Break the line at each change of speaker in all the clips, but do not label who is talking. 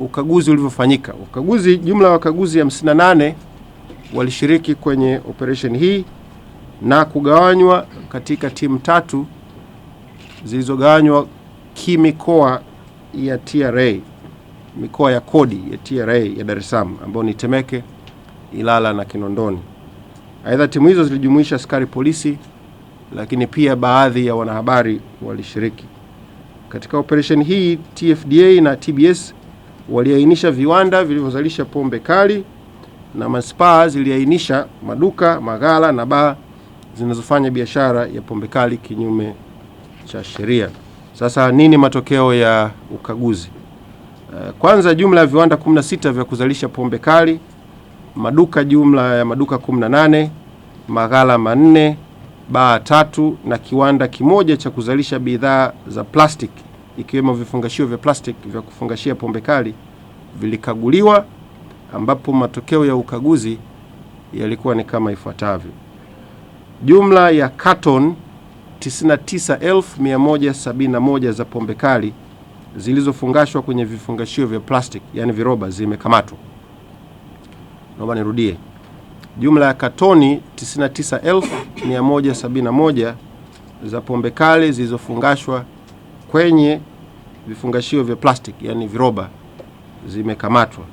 ukaguzi ulivyofanyika. Ukaguzi, jumla ya wakaguzi 58 walishiriki kwenye operation hii na kugawanywa katika timu tatu zilizogawanywa kimikoa ya TRA, mikoa ya kodi ya TRA ya Dar es Salaam ambayo ni Temeke, Ilala na Kinondoni. Aidha, timu hizo zilijumuisha askari polisi, lakini pia baadhi ya wanahabari walishiriki katika operation hii. TFDA na TBS waliainisha viwanda vilivyozalisha pombe kali na manispaa ziliainisha maduka, maghala na baa zinazofanya biashara ya pombe kali kinyume cha sheria. Sasa nini matokeo ya ukaguzi? Eh, kwanza, jumla ya viwanda 16 vya kuzalisha pombe kali, maduka jumla ya maduka 18, maghala manne, baa tatu na kiwanda kimoja cha kuzalisha bidhaa za plastiki ikiwemo vifungashio vya plastic vya kufungashia pombe kali vilikaguliwa, ambapo matokeo ya ukaguzi yalikuwa ni kama ifuatavyo: jumla ya carton 99171 za pombe kali zilizofungashwa kwenye vifungashio vya plastic yani viroba, zimekamatwa. Naomba nirudie, jumla ya katoni 99171 za pombe kali zilizofungashwa kwenye vifungashio vya plastic yani viroba zimekamatwa,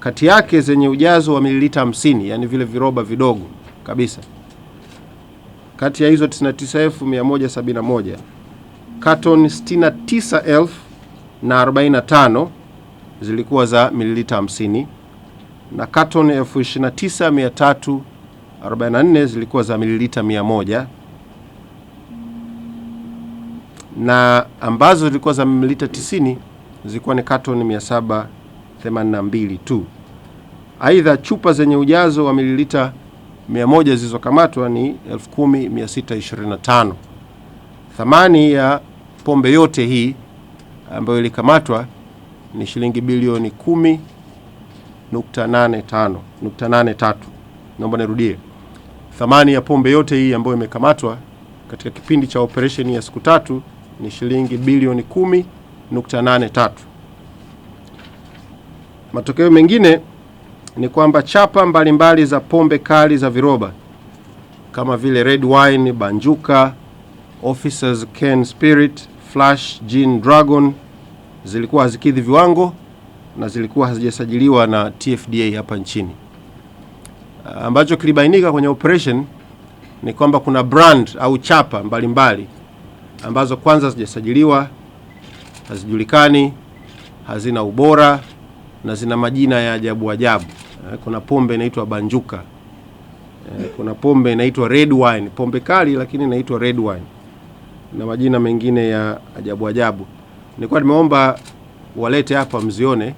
kati yake zenye ujazo wa mililita hamsini yani vile viroba vidogo kabisa. Kati ya hizo 99171 katoni 69045 na 45 zilikuwa za mililita 50 na katoni 29344 zilikuwa za mililita 100 na ambazo zilikuwa za mililita 90 zilikuwa ni katoni 782 tu. Aidha, chupa zenye ujazo wa mililita 100 zilizokamatwa ni 10625. Thamani ya pombe yote hii ambayo ilikamatwa ni shilingi bilioni 10.83. Naomba nirudie, thamani ya pombe yote hii ambayo imekamatwa katika kipindi cha operesheni ya siku tatu ni shilingi bilioni 10.83. Matokeo mengine ni kwamba chapa mbalimbali mbali za pombe kali za viroba kama vile Red Wine, Banjuka, Officers Cane Spirit, Flash, Gin Dragon zilikuwa hazikidhi viwango na zilikuwa hazijasajiliwa na TFDA hapa nchini. Ambacho kilibainika kwenye operation ni kwamba kuna brand au chapa mbalimbali mbali ambazo kwanza hazijasajiliwa, hazijulikani, hazina ubora na zina majina ya ajabu ajabu. Eh, kuna pombe inaitwa banjuka, eh, kuna pombe inaitwa red wine, pombe kali lakini inaitwa red wine na majina mengine ya ajabu ajabu. Nilikuwa nimeomba walete hapa mzione,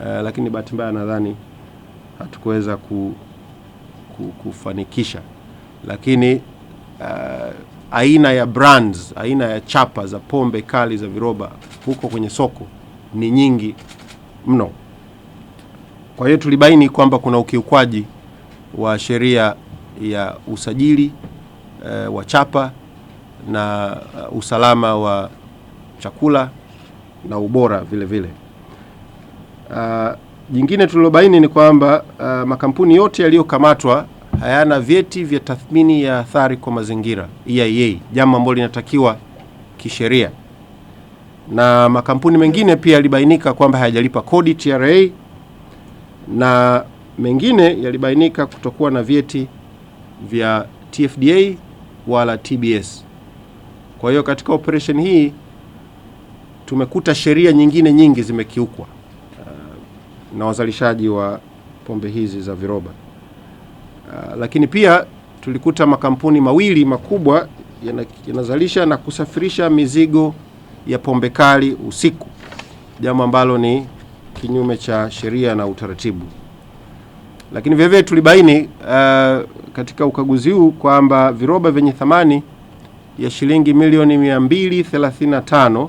uh, lakini bahati mbaya nadhani hatukuweza ku, ku, kufanikisha, lakini uh, aina ya brands, aina ya chapa za pombe kali za viroba huko kwenye soko ni nyingi mno. Kwa hiyo tulibaini kwamba kuna ukiukwaji wa sheria ya usajili e, wa chapa na uh, usalama wa chakula na ubora vile vile. Uh, jingine tulilobaini ni kwamba uh, makampuni yote yaliyokamatwa hayana vyeti vya tathmini ya athari kwa mazingira EIA, jambo ambalo linatakiwa kisheria. Na makampuni mengine pia yalibainika kwamba hayajalipa kodi TRA, na mengine yalibainika kutokuwa na vyeti vya TFDA wala TBS. Kwa hiyo katika operation hii tumekuta sheria nyingine nyingi zimekiukwa uh, na wazalishaji wa pombe hizi za viroba. Ah, lakini pia tulikuta makampuni mawili makubwa yanazalisha na kusafirisha mizigo ya pombe kali usiku, jambo ambalo ni kinyume cha sheria na utaratibu. Lakini vilevile tulibaini uh, katika ukaguzi huu kwamba viroba vyenye thamani ya shilingi milioni 235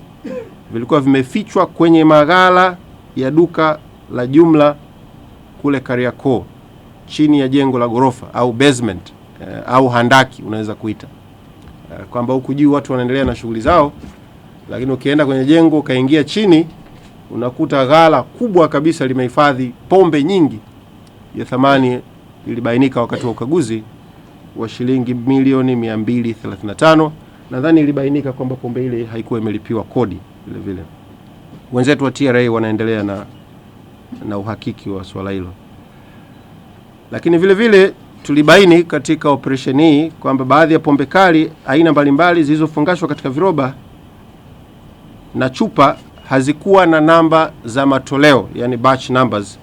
vilikuwa vimefichwa kwenye maghala ya duka la jumla kule Kariakoo chini ya jengo la ghorofa au basement eh, au handaki unaweza kuita eh, kwamba huku juu watu wanaendelea na shughuli zao, lakini ukienda kwenye jengo ukaingia chini unakuta ghala kubwa kabisa limehifadhi pombe nyingi ya thamani ilibainika wakati wa ukaguzi wa shilingi milioni 235. Nadhani ilibainika kwamba pombe ile haikuwa imelipiwa kodi. Vile vile wenzetu wa TRA wanaendelea na, na uhakiki wa swala hilo. Lakini vile vile tulibaini katika operesheni hii kwamba baadhi ya pombe kali aina mbalimbali zilizofungashwa katika viroba na chupa hazikuwa na namba za matoleo, yani batch numbers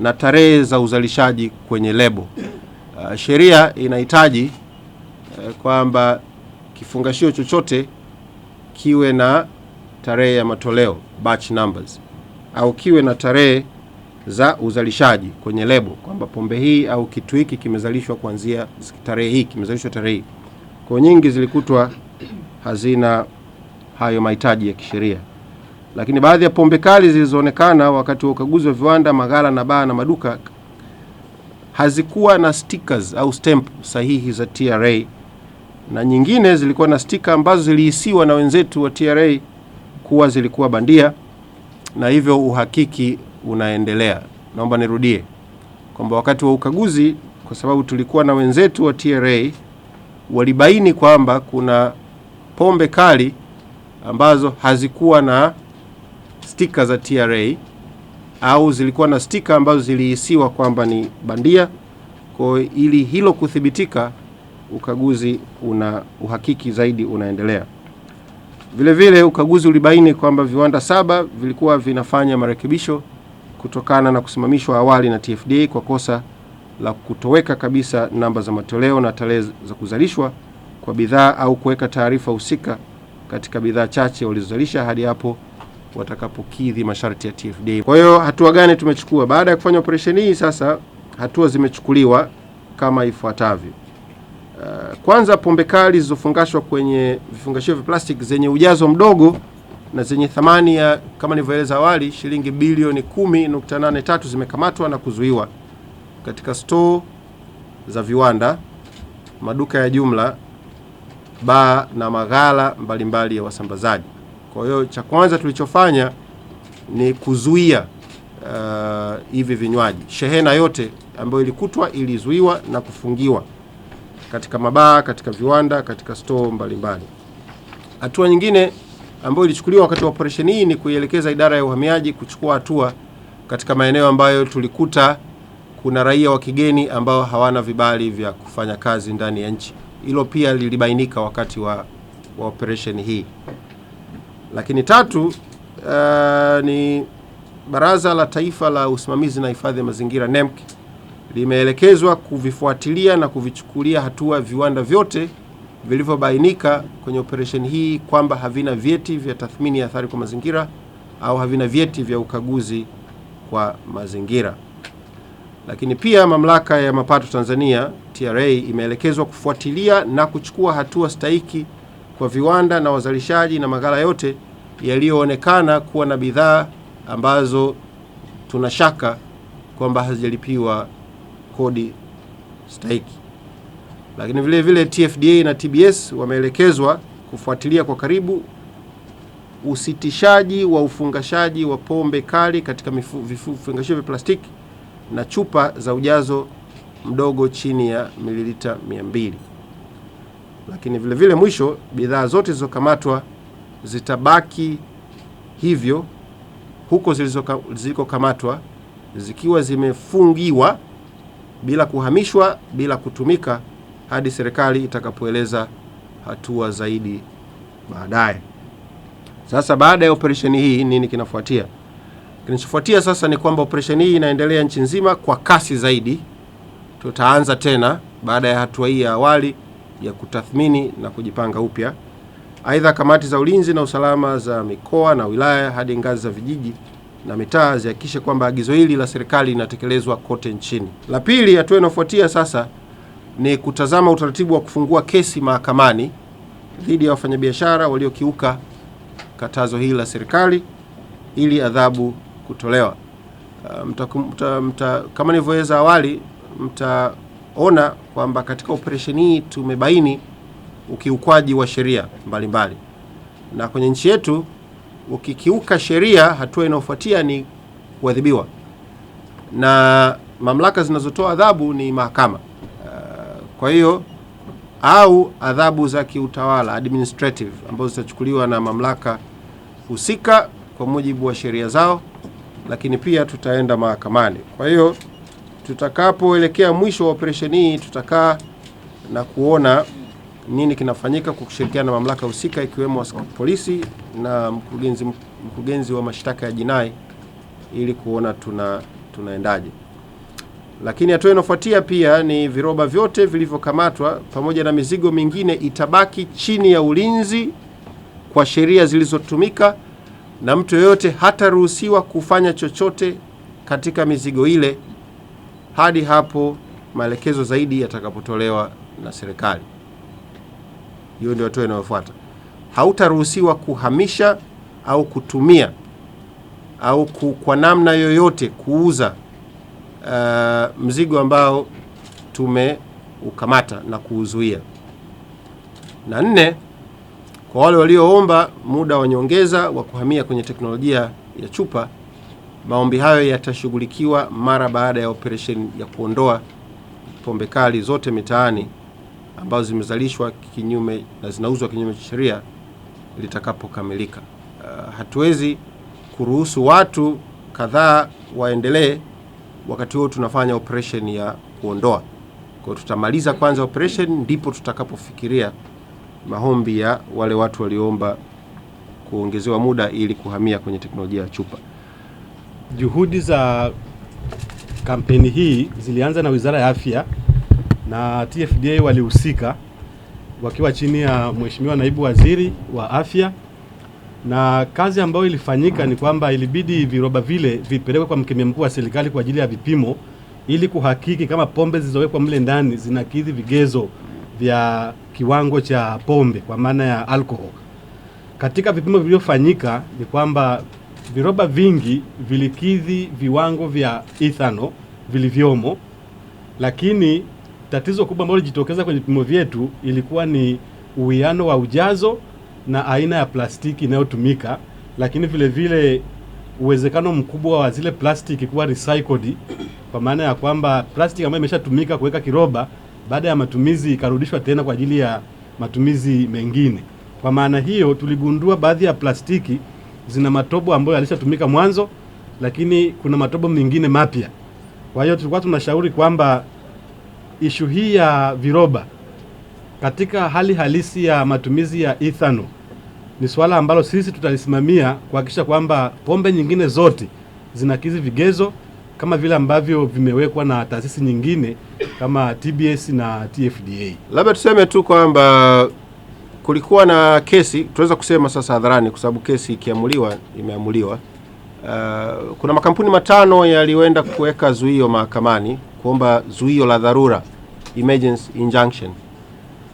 na tarehe za uzalishaji kwenye lebo. Uh, sheria inahitaji uh, kwamba kifungashio chochote kiwe na tarehe ya matoleo batch numbers, au kiwe na tarehe za uzalishaji kwenye lebo kwamba pombe hii au kitu hiki kimezalishwa kuanzia tarehe hii, kimezalishwa tarehe hii. Kwa nyingi zilikutwa hazina hayo mahitaji ya kisheria, lakini baadhi ya pombe kali zilizoonekana wakati wa ukaguzi wa viwanda, maghala na baa na maduka hazikuwa na stickers au stamp sahihi za TRA na nyingine zilikuwa na stika ambazo zilihisiwa na wenzetu wa TRA kuwa zilikuwa bandia na hivyo uhakiki unaendelea. Naomba nirudie kwamba wakati wa ukaguzi, kwa sababu tulikuwa na wenzetu wa TRA walibaini kwamba kuna pombe kali ambazo hazikuwa na stika za TRA au zilikuwa na stika ambazo zilihisiwa kwamba ni bandia. Kwa ili hilo kuthibitika, ukaguzi una uhakiki zaidi unaendelea. Vilevile vile, ukaguzi ulibaini kwamba viwanda saba vilikuwa vinafanya marekebisho kutokana na kusimamishwa awali na TFDA kwa kosa la kutoweka kabisa namba za matoleo na tarehe za kuzalishwa kwa bidhaa au kuweka taarifa husika katika bidhaa chache walizozalisha hadi hapo watakapokidhi masharti ya TFDA. Kwa hiyo hatua gani tumechukua baada ya kufanya operesheni hii? Sasa hatua zimechukuliwa kama ifuatavyo. Uh, kwanza pombe kali zilizofungashwa kwenye vifungashio vya plastiki zenye ujazo mdogo na zenye thamani ya kama nilivyoeleza awali shilingi bilioni 10.83 zimekamatwa na kuzuiwa katika store za viwanda, maduka ya jumla, baa na maghala mbalimbali mbali ya wasambazaji. Kwa hiyo cha kwanza tulichofanya ni kuzuia uh, hivi vinywaji. Shehena yote ambayo ilikutwa ilizuiwa na kufungiwa katika mabaa, katika viwanda, katika store mbalimbali. Hatua nyingine ambayo ilichukuliwa wakati wa operesheni hii ni kuielekeza idara ya uhamiaji kuchukua hatua katika maeneo ambayo tulikuta kuna raia wa kigeni ambao hawana vibali vya kufanya kazi ndani ya nchi. Hilo pia lilibainika wakati wa, wa operesheni hii. Lakini tatu, uh, ni Baraza la Taifa la Usimamizi na Hifadhi ya Mazingira NEMC limeelekezwa kuvifuatilia na kuvichukulia hatua viwanda vyote vilivyobainika kwenye operesheni hii kwamba havina vyeti vya tathmini ya athari kwa mazingira au havina vyeti vya ukaguzi kwa mazingira. Lakini pia Mamlaka ya Mapato Tanzania TRA imeelekezwa kufuatilia na kuchukua hatua stahiki kwa viwanda na wazalishaji na maghala yote yaliyoonekana kuwa na bidhaa ambazo tunashaka kwamba hazijalipiwa kodi stahiki. Lakini vile vile TFDA na TBS wameelekezwa kufuatilia kwa karibu usitishaji wa ufungashaji wa pombe kali katika vifungashio vya plastiki na chupa za ujazo mdogo chini ya mililita 200. Lakini vile vile mwisho, bidhaa zote zilizokamatwa zitabaki hivyo huko zilikokamatwa zikiwa zimefungiwa bila kuhamishwa, bila kutumika hadi serikali itakapoeleza hatua zaidi baadaye. Sasa baada ya operesheni hii nini kinafuatia? Kinachofuatia sasa ni kwamba operesheni hii inaendelea nchi nzima kwa kasi zaidi. Tutaanza tena baada ya hatua hii ya awali ya kutathmini na kujipanga upya. Aidha, kamati za ulinzi na usalama za mikoa na wilaya hadi ngazi za vijiji na mitaa zihakikishe kwamba agizo hili la serikali linatekelezwa kote nchini. La pili, hatua inayofuatia sasa ni kutazama utaratibu wa kufungua kesi mahakamani dhidi ya wafanyabiashara waliokiuka katazo hili la serikali ili adhabu kutolewa. Ah, mta, mta, mta, kama nilivyoeleza awali, mtaona kwamba katika operesheni hii tumebaini ukiukwaji wa sheria mbalimbali, na kwenye nchi yetu ukikiuka sheria, hatua inayofuatia ni kuadhibiwa, na mamlaka zinazotoa adhabu ni mahakama. Kwa hiyo au adhabu za kiutawala administrative ambazo zitachukuliwa na mamlaka husika kwa mujibu wa sheria zao, lakini pia tutaenda mahakamani. Kwa hiyo tutakapoelekea mwisho wa operesheni hii, tutakaa na kuona nini kinafanyika kwa kushirikiana na mamlaka husika ikiwemo polisi na mkurugenzi, mkurugenzi wa mashtaka ya jinai ili kuona tuna tunaendaje. Lakini hatua inayofuatia pia ni viroba vyote vilivyokamatwa pamoja na mizigo mingine itabaki chini ya ulinzi kwa sheria zilizotumika, na mtu yeyote hataruhusiwa kufanya chochote katika mizigo ile hadi hapo maelekezo zaidi yatakapotolewa na serikali. Hiyo ndio hatua inayofuata. Hautaruhusiwa kuhamisha au kutumia au kwa namna yoyote kuuza uh, mzigo ambao tumeukamata na kuuzuia. Na nne, kwa wale walioomba muda wa nyongeza wa kuhamia kwenye teknolojia ya chupa, maombi hayo yatashughulikiwa mara baada ya operesheni ya kuondoa pombe kali zote mitaani ambazo zimezalishwa kinyume na zinauzwa kinyume cha sheria litakapokamilika. Uh, hatuwezi kuruhusu watu kadhaa waendelee wakati huo tunafanya operation ya kuondoa. Kwa tutamaliza kwanza operation, ndipo tutakapofikiria maombi ya wale watu walioomba kuongezewa muda ili kuhamia kwenye teknolojia ya chupa. Juhudi za kampeni hii zilianza na Wizara ya Afya na TFDA walihusika wakiwa chini ya Mheshimiwa Naibu Waziri wa Afya na kazi ambayo ilifanyika ni kwamba ilibidi viroba vile vipelekwe kwa mkemia mkuu wa serikali kwa ajili ya vipimo ili kuhakiki kama pombe zilizowekwa mle ndani zinakidhi vigezo vya kiwango cha pombe kwa maana ya alcohol. Katika vipimo vilivyofanyika ni kwamba viroba vingi vilikidhi viwango vya ethano vilivyomo, lakini tatizo kubwa ambalo lilijitokeza kwenye vipimo vyetu ilikuwa ni uwiano wa ujazo na aina ya plastiki inayotumika, lakini vile vile uwezekano mkubwa wa zile plastiki kuwa recycled, kwa maana ya kwamba plastiki ambayo imeshatumika kuweka kiroba, baada ya matumizi ikarudishwa tena kwa ajili ya matumizi mengine. Kwa maana hiyo, tuligundua baadhi ya plastiki zina matobo ambayo yalishatumika mwanzo, lakini kuna matobo mengine mapya. Kwa hiyo tulikuwa tunashauri kwamba ishu hii ya viroba katika hali halisi ya matumizi ya ethanol ni swala ambalo sisi tutalisimamia kuhakikisha kwamba pombe nyingine zote zinakizi vigezo kama vile ambavyo vimewekwa na taasisi nyingine kama TBS na TFDA.
Labda tuseme tu kwamba kulikuwa na kesi, tunaweza kusema sasa hadharani kwa sababu kesi ikiamuliwa imeamuliwa. Uh, kuna makampuni matano yalioenda kuweka zuio mahakamani kuomba zuio la dharura emergency injunction.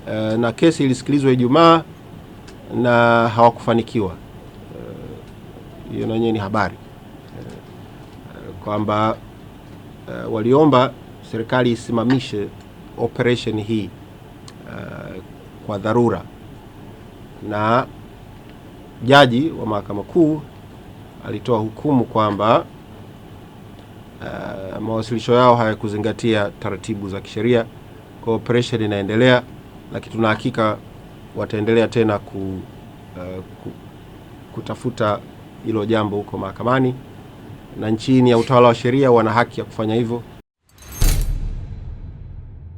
Uh, na kesi ilisikilizwa Ijumaa na hawakufanikiwa. Eh, hiyo na ni habari eh, kwamba uh, waliomba serikali isimamishe operation hii uh, kwa dharura, na jaji wa mahakama kuu alitoa hukumu kwamba uh, mawasilisho yao hayakuzingatia taratibu za kisheria, kwa operation inaendelea, lakini tuna hakika wataendelea tena ku, uh, ku, kutafuta hilo jambo huko mahakamani, na nchini ya utawala wa sheria wana haki ya kufanya hivyo.